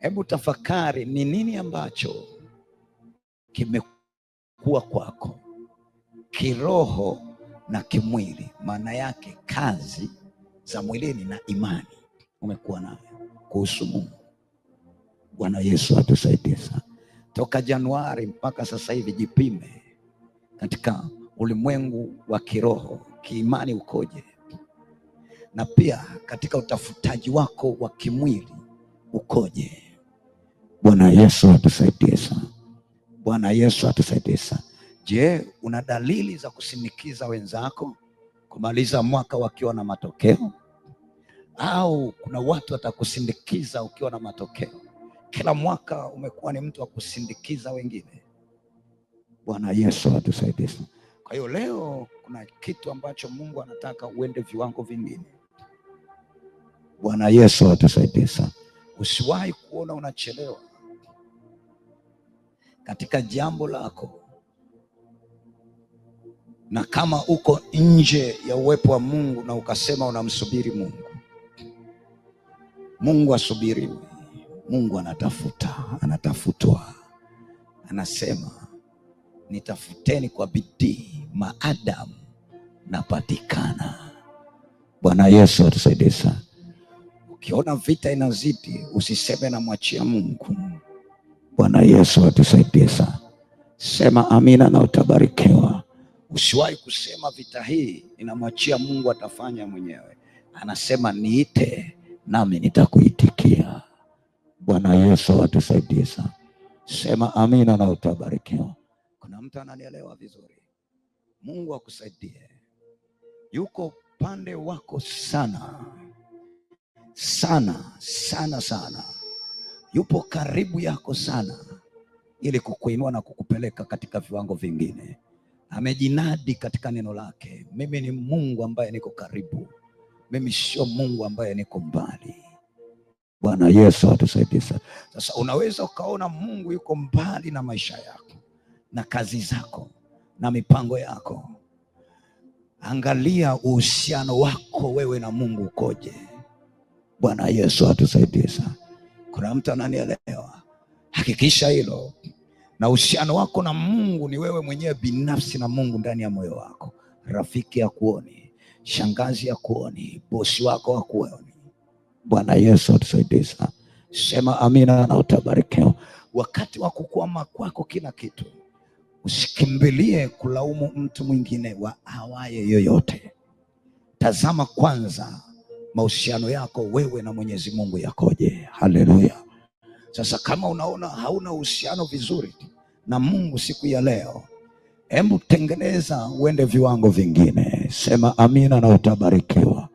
Hebu tafakari ni nini ambacho kimekuwa kwako kiroho na kimwili, maana yake kazi za mwilini na imani umekuwa nayo kuhusu Mungu. Bwana Yesu atusaidie sana. Toka Januari mpaka sasa hivi, jipime katika ulimwengu wa kiroho, kiimani ukoje, na pia katika utafutaji wako wa kimwili ukoje? Bwana Yesu atusaidie sana. Bwana Yesu atusaidie sana. Je, una dalili za kusindikiza wenzako kumaliza mwaka wakiwa na matokeo? Au kuna watu watakusindikiza ukiwa na matokeo? Kila mwaka umekuwa ni mtu wa kusindikiza wengine. Bwana Yesu atusaidie sana. Kwa hiyo leo kuna kitu ambacho Mungu anataka uende viwango vingine. Bwana Yesu atusaidie sana. Usiwahi kuona unachelewa katika jambo lako, na kama uko nje ya uwepo wa Mungu na ukasema unamsubiri Mungu, Mungu asubiriwe. Mungu anatafuta, anatafutwa, anasema nitafuteni kwa bidii, maadamu napatikana. Bwana Yesu atusaidie sana. Ukiona vita inazidi, usiseme namwachia Mungu. Bwana Yesu atusaidie sana. Sema amina na utabarikiwa. Usiwahi kusema vita hii inamwachia Mungu, atafanya mwenyewe. Anasema niite, nami nitakuitikia. Bwana Yesu atusaidie sana. Sema amina na utabarikiwa. Kuna mtu ananielewa vizuri? Mungu akusaidie, yuko upande wako sana sana sana sana yupo karibu yako sana, ili kukuinua na kukupeleka katika viwango vingine. Amejinadi katika neno lake, mimi ni Mungu ambaye niko karibu, mimi sio Mungu ambaye niko mbali. Bwana Yesu atusaidie sana. Sasa unaweza ukaona Mungu yuko mbali na maisha yako na kazi zako na mipango yako. Angalia uhusiano wako wewe na Mungu ukoje. Bwana Yesu atusaidie sana. Kuna mtu ananielewa? Hakikisha hilo, na uhusiano wako na Mungu ni wewe mwenyewe binafsi na Mungu ndani ya moyo wako. Rafiki kuoni shangazi kuoni bosi wako kuoni Bwana Yesu atusaidie sana. Sema amina na utabarikiwa. Wakati wa kukwama kwako kila kitu, usikimbilie kulaumu mtu mwingine wa awaye yoyote. Tazama kwanza mahusiano yako wewe na Mwenyezi Mungu yakoje? Haleluya! Sasa kama unaona hauna uhusiano vizuri na Mungu siku ya leo, hebu tengeneza uende viwango vingine. Sema amina na utabarikiwa.